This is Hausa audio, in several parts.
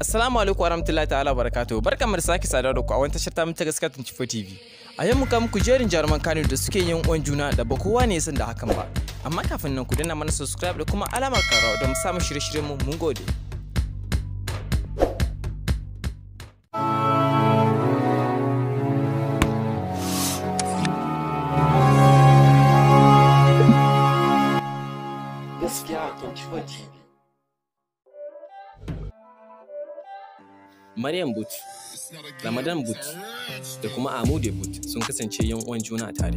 Assalamu alaikum wa warahmatullahi ta'ala barakatu Barkanmu da sake sadar da ku a wani shirta ta ta gaskiya 24 TV. A yau muka muku jerin jaruman kanu da suke yin uwan juna da ba kowa ne san da hakan ba. Amma kafin nan ku dana mana subscribe da kuma alamar karawa don samun shirye-shiryen mu mun gode. Gaskiya a TV. Maryam But, Ramadan But da kuma Amude But sun kasance yan uwan juna tare.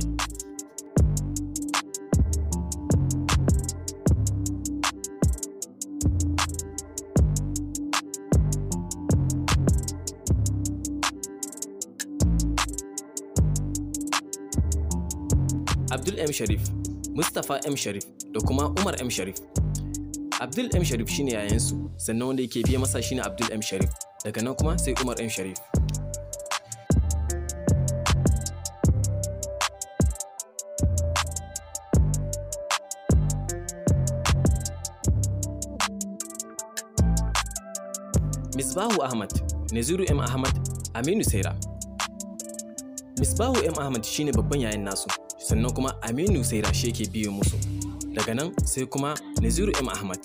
Abdul M. Sharif, Mustapha M. Sharif da kuma Umar M. Sharif. Abdul M. Sharif shine yayansu, sannan wanda yake biye masa shine Abdul M. Sharif. daga nan kuma sai umar m sharif Misbahu Ahmad, Naziru M. Ahmad, Aminu Saira. Misbahu M. Ahmad shine babban yayan nasu, sannan kuma Aminu Saira shi ke biyo musu. Daga nan sai kuma Naziru M. Ahmad.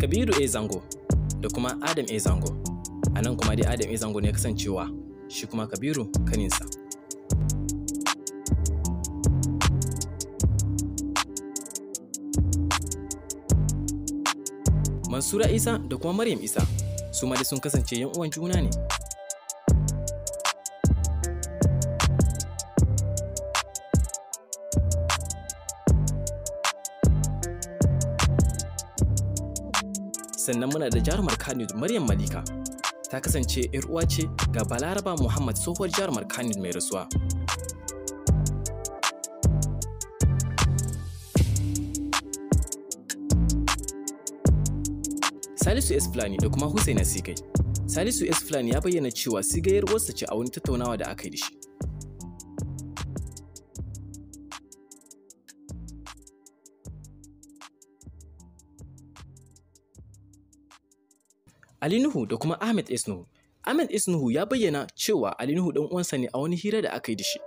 Kabiru A Zango da kuma Adam A Zango. A nan kuma dai Adam A Zango ne kasancewa shi kuma Kabiru kaninsa. Mansura Isa da kuma Maryam Isa su ma dai sun kasance 'yan uwan juna ne. sannan muna da jarumar kanid maryam malika ta kasance 'yar uwa ce ga balaraba muhammad tsohuwar jarumar kanid mai rasuwa Salisu S. Fulani da kuma Hussein Sigai. Salisu S. Fulani ya bayyana cewa sigayar uwarsa ce a wani tattaunawa da aka yi da shi. Ali Nuhu da kuma Ahmed isnuhu Nuhu. Ahmed Isnuhu ya bayyana cewa Ali Nuhu dan uwansa ne a wani hira da aka yi da shi.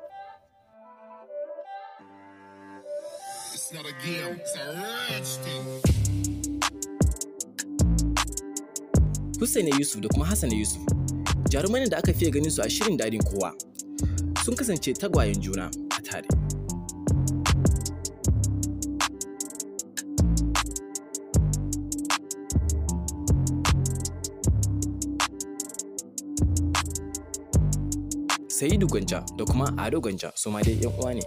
Hussein Yusuf da kuma Hassan Yusuf jarumai da aka fiye ganin su a shirin dadin kowa sun kasance tagwayen juna a tare. Sa'idu Gwanja da kuma Ado Gwanja su ma dai 'yan uwa ne.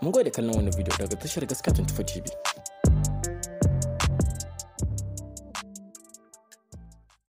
Mun gode kallon wani bidiyo daga tashar Gaska tufa TV.